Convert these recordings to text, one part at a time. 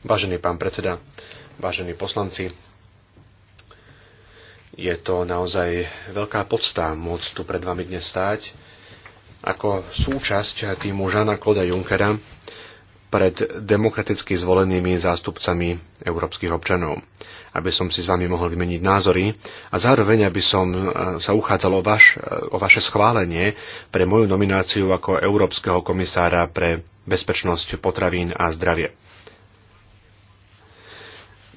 Vážený pán predseda, vážení poslanci, je to naozaj veľká podstá môcť tu pred vami dnes stáť ako súčasť týmu Žana Kloda Junckera, pred demokraticky zvolenými zástupcami európskych občanov, aby som si s vami mohol vymeniť názory a zároveň, aby som e, sa uchádzal o, vaš, e, o vaše schválenie pre moju nomináciu ako Európskeho komisára pre bezpečnosť potravín a zdravie.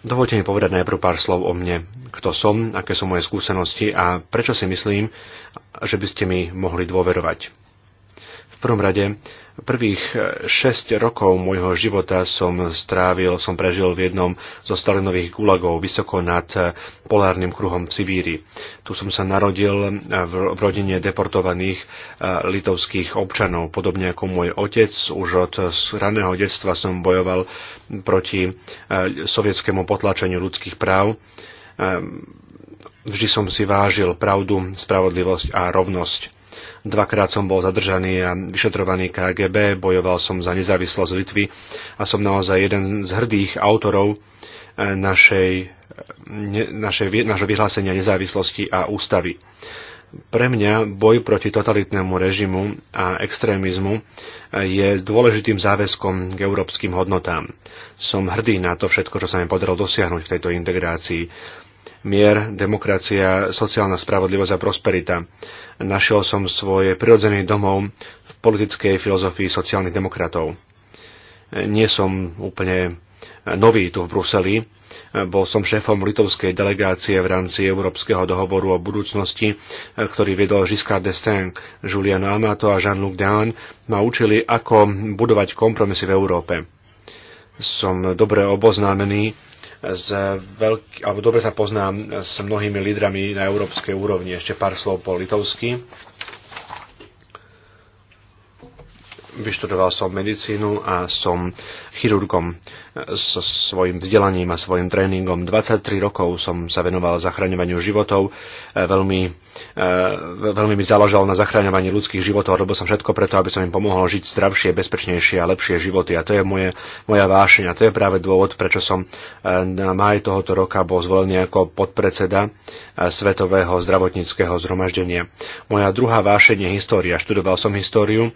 Dovolte mi povedať najprv pár slov o mne, kto som, aké sú moje skúsenosti a prečo si myslím, že by ste mi mohli dôverovať. V prvom rade Prvých 6 eh, rokov môjho života som strávil, som prežil v jednom zo stalinových gulagov vysoko nad eh, polárnym kruhom v Sibíri. Tu som sa narodil eh, v rodine deportovaných litovských občanov. Podobne ako môj otec, už od raného detstva som bojoval proti sovietskému potlačeniu ľudských práv. Ehm, vždy som si vážil pravdu, spravodlivosť a rovnosť Dvakrát som bol zadržaný a vyšetrovaný KGB, bojoval som za nezávislosť Litvy a som naozaj jeden z hrdých autorov eh, našej, eh, našej, našho vyhlásenia nezávislosti a ústavy. Pre mňa boj proti totalitnému režimu a extrémizmu eh, je dôležitým záväzkom k európskym hodnotám. Som hrdý na to všetko, čo sa mi podarilo dosiahnuť v tejto integrácii mier, demokracia, sociálna spravodlivosť a prosperita. Našiel som svoje prirodzený domov v politickej filozofii sociálnych demokratov. Nie som úplne nový tu v Bruseli. Bol som šéfom litovskej delegácie v rámci Európskeho dohovoru o budúcnosti, ktorý viedol Giscard d'Estaing, Julian Amato a Jean-Luc Dan ma učili, ako budovať kompromisy v Európe. Som dobre oboznámený z veľk- alebo dobre sa poznám s mnohými lídrami na európskej úrovni. Ešte pár slov po litovsky. Vyštudoval som medicínu a som chirurgom so svojím vzdelaním a svojim tréningom. 23 rokov som sa venoval zachraňovaniu životov. E, veľmi, e, veľmi mi záležalo na zachraňovaní ľudských životov. Robil som všetko preto, aby som im pomohol žiť zdravšie, bezpečnejšie a lepšie životy. A to je moje, moja vášeň. A to je práve dôvod, prečo som e, na máj tohoto roka bol zvolený ako podpredseda Svetového zdravotníckého zhromaždenia. Moja druhá vášeň je história. Študoval som históriu,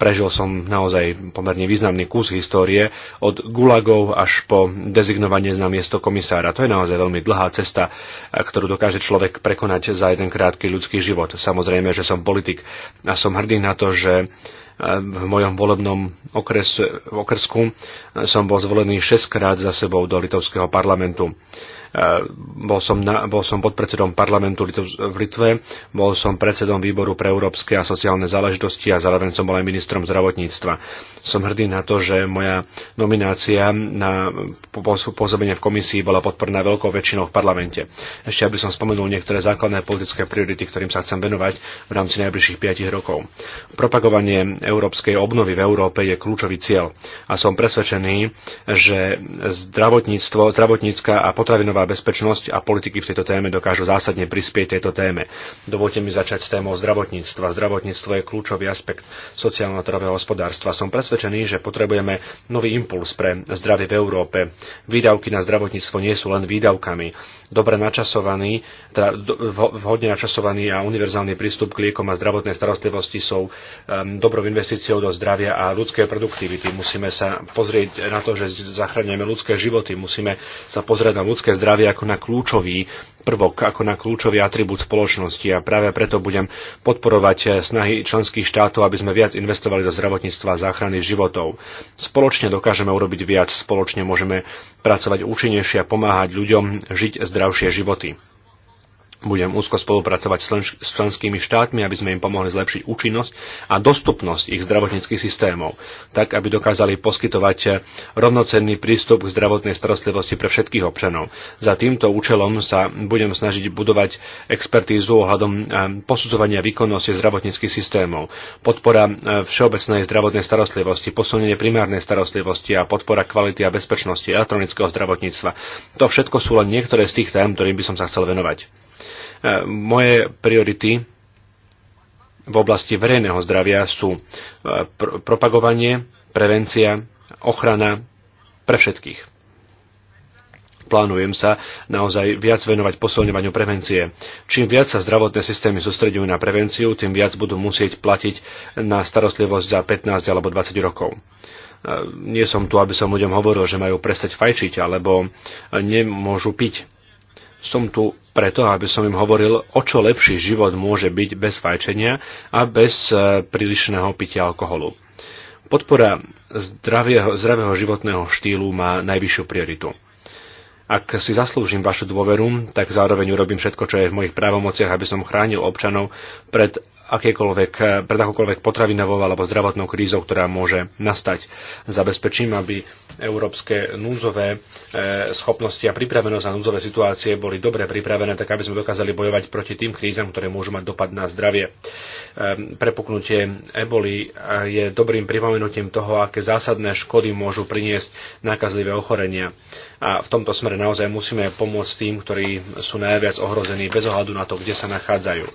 prežil Prežil som naozaj pomerne významný kus histórie od gulagov až po dezignovanie na miesto komisára. To je naozaj veľmi dlhá cesta, ktorú dokáže človek prekonať za jeden krátky ľudský život. Samozrejme, že som politik a som hrdý na to, že e, v mojom volebnom okres, okresku e, som bol zvolený 6 krát za sebou do litovského parlamentu. Eh, bol som, na, bol som podpredsedom parlamentu v Litve, bol som predsedom výboru pre európske a sociálne záležitosti a zároveň som bol aj ministrom zdravotníctva. Som hrdý na to, že moja nominácia na pôsobenie v komisii bola podporná veľkou väčšinou v parlamente. Ešte aby som spomenul niektoré základné politické priority, ktorým sa chcem venovať v rámci najbližších 5 rokov. Propagovanie európskej obnovy v Európe je kľúčový cieľ a som presvedčený, že zdravotníctvo, zdravotnícka a potravinová a bezpečnosť a politiky v tejto téme dokážu zásadne prispieť tejto téme. Dovolte mi začať s témou zdravotníctva. Zdravotníctvo je kľúčový aspekt sociálno-trhového hospodárstva. Som presvedčený, že potrebujeme nový impuls pre zdravie v Európe. Výdavky na zdravotníctvo nie sú len výdavkami. Dobre načasovaný, teda vhodne načasovaný a univerzálny prístup k liekom a zdravotnej starostlivosti sú um, dobrou investíciou do zdravia a ľudskej produktivity. Musíme sa pozrieť na to, že zachránime ľudské životy, musíme sa pozrieť na ľudské zdravie práve ako na kľúčový prvok, ako na kľúčový atribút spoločnosti a práve preto budem podporovať snahy členských štátov, aby sme viac investovali do zdravotníctva a záchrany životov. Spoločne dokážeme urobiť viac, spoločne môžeme pracovať účinnejšie a pomáhať ľuďom žiť zdravšie životy. Budem úzko spolupracovať s členskými štátmi, aby sme im pomohli zlepšiť účinnosť a dostupnosť ich zdravotníckých systémov, tak aby dokázali poskytovať eh, rovnocenný prístup k zdravotnej starostlivosti pre všetkých občanov. Za týmto účelom sa budem snažiť budovať expertízu ohľadom eh, posudzovania výkonnosti zdravotníckých systémov, podpora eh, všeobecnej zdravotnej starostlivosti, posunenie primárnej starostlivosti a podpora kvality a bezpečnosti elektronického zdravotníctva. To všetko sú len niektoré z tých tém, ktorým by som sa chcel venovať. E, moje priority v oblasti verejného zdravia sú e, pr- propagovanie, prevencia, ochrana pre všetkých. Plánujem sa naozaj viac venovať posilňovaniu prevencie. Čím viac sa zdravotné systémy sústredujú na prevenciu, tým viac budú musieť platiť na starostlivosť za 15 alebo 20 rokov e, nie som tu, aby som ľuďom hovoril, že majú prestať fajčiť alebo nemôžu piť. Som tu preto, aby som im hovoril, o čo lepší život môže byť bez fajčenia a bez e, prílišného pitia alkoholu. Podpora zdravého, zdravého životného štýlu má najvyššiu prioritu. Ak si zaslúžim vašu dôveru, tak zároveň urobím všetko, čo je v mojich právomociach, aby som chránil občanov pred akékoľvek, eh, pred akokoľvek potravinovou alebo zdravotnou krízou, ktorá môže nastať. Zabezpečím, aby európske núdzové eh, schopnosti a pripravenosť na núdzové situácie boli dobre pripravené, tak aby sme dokázali bojovať proti tým krízam, ktoré môžu mať dopad na zdravie. Ehm, prepuknutie eboli je dobrým pripomenutím toho, aké zásadné škody môžu priniesť nákazlivé ochorenia. A v tomto smere naozaj musíme pomôcť tým, ktorí sú najviac ohrození bez ohľadu na to, kde sa nachádzajú.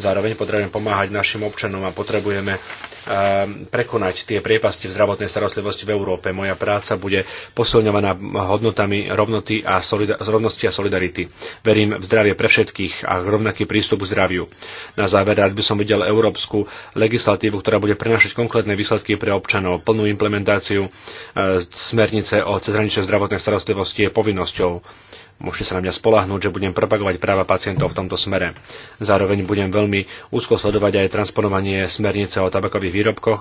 Zároveň potrebujeme pomáhať našim občanom a potrebujeme ehm, prekonať tie priepasti v zdravotnej starostlivosti v Európe. Moja práca bude posilňovaná hodnotami rovnoty a rovnosti a solidarity. Verím v zdravie pre všetkých a rovnaký prístup k zdraviu. Na záver ak by som videl európsku legislatívu, ktorá bude prenašať konkrétne výsledky pre občanov. Plnú implementáciu ehm, smernice o cezhraničnej zdravotnej starostlivosti je povinnosťou. Môžete sa na mňa spolahnúť, že budem propagovať práva pacientov v tomto smere. Zároveň budem veľmi úzko sledovať aj transponovanie smernice o tabakových výrobkoch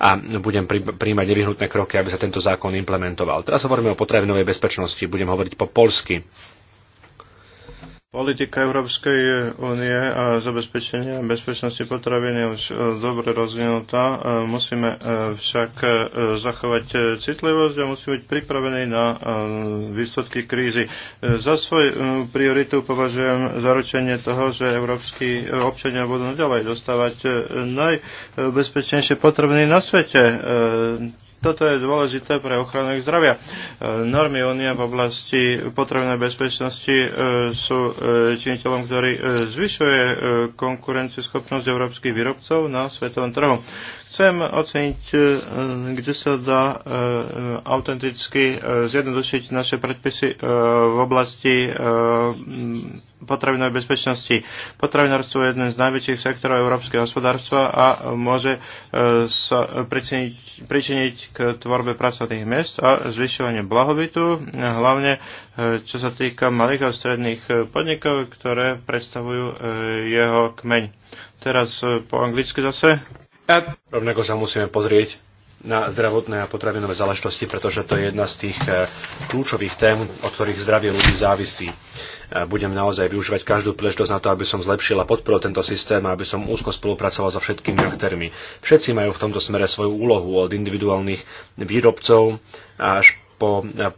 a budem príjmať nevyhnutné kroky, aby sa tento zákon implementoval. Teraz hovoríme o potravinovej bezpečnosti, budem hovoriť po polsky. Politika Európskej únie a zabezpečenia bezpečnosti potravín je už e, dobre rozvinutá. E, musíme e, však zachovať citlivosť a musíme byť pripravení na výsledky krízy. Za svoj prioritu považujem zaručenie toho, že európsky občania budú naďalej dostávať najbezpečnejšie potraviny na svete toto je dôležité pre ochranu ich zdravia. E, normy únie v oblasti potrebnej bezpečnosti e, sú e, činiteľom, ktorý zvyšuje konkurencieschopnosť európskych výrobcov na svetovom trhu. Chcem oceniť, kde sa dá autenticky zjednodušiť naše predpisy v oblasti potravinovej bezpečnosti. Potravinárstvo je jeden z najväčších sektorov európskeho hospodárstva a môže sa pričiniť k tvorbe pracovných miest a zvyšovanie blahobytu, hlavne e, čo sa týka malých a stredných e, podnikov, ktoré predstavujú e, jeho kmeň. Teraz po anglicky zase. Rovnako sa musíme pozrieť na zdravotné a potravinové záležitosti, pretože to je jedna z tých eh, kľúčových tém, od ktorých zdravie ľudí závisí. Eh, budem naozaj využívať každú príležitosť na to, aby som zlepšil a podporil tento systém a aby som úzko spolupracoval so všetkými aktérmi. Všetci majú v tomto smere svoju úlohu od individuálnych výrobcov až po e,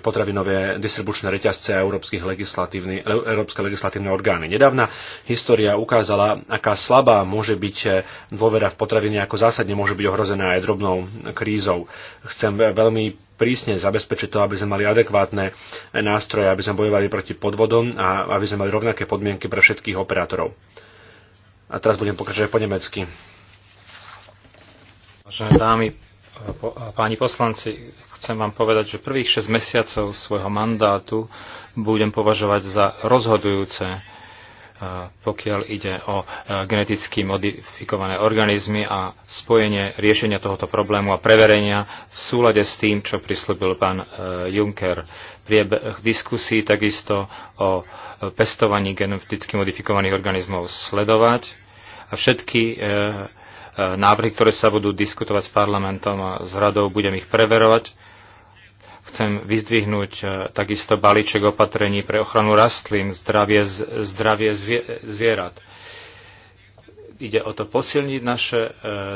potravinové distribučné reťazce a európskych legislatívny, e, európske legislatívne orgány. Nedávna história ukázala, aká slabá môže byť e, dôvera v potraviny, ako zásadne môže byť ohrozená aj drobnou krízou. Chcem veľmi prísne zabezpečiť to, aby sme mali adekvátne nástroje, aby sme bojovali proti podvodom a aby sme mali rovnaké podmienky pre všetkých operátorov. A teraz budem pokračovať po nemecky. Vážené dámy, páni poslanci, chcem vám povedať, že prvých 6 mesiacov svojho mandátu budem považovať za rozhodujúce, pokiaľ ide o geneticky modifikované organizmy a spojenie riešenia tohoto problému a preverenia v súlade s tým, čo prislúbil pán e, Juncker. Priebeh diskusí takisto o e, pestovaní geneticky modifikovaných organizmov sledovať a všetky e, návrhy, ktoré sa budú diskutovať s parlamentom a s radou, budem ich preverovať. Chcem vyzdvihnúť e, takisto balíček opatrení pre ochranu rastlín, zdravie, zdravie zvierat. Ide o to posilniť naše e,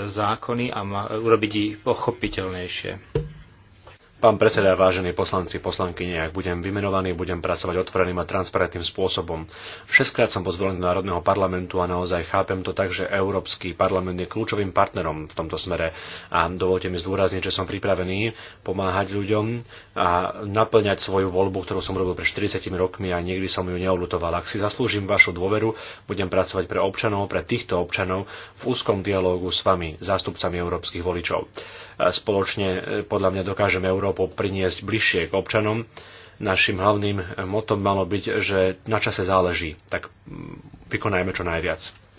zákony a urobiť ich pochopiteľnejšie. Pán predseda, vážení poslanci, poslankyne, ak budem vymenovaný, budem pracovať otvoreným a transparentným spôsobom. Všetkrát som pozvolený do Národného parlamentu a naozaj chápem to tak, že Európsky parlament je kľúčovým partnerom v tomto smere a dovolte mi zdôrazniť, že som pripravený pomáhať ľuďom a naplňať svoju voľbu, ktorú som robil pred 40 rokmi a nikdy som ju neolutoval. Ak si zaslúžim vašu dôveru, budem pracovať pre občanov, pre týchto občanov v úzkom dialógu s vami, zástupcami európskych voličov. Spoločne eh, podľa mňa dokážeme Európu Európu priniesť bližšie k občanom. Našim hlavným motom malo byť, že na čase záleží, tak mm, vykonajme čo najviac.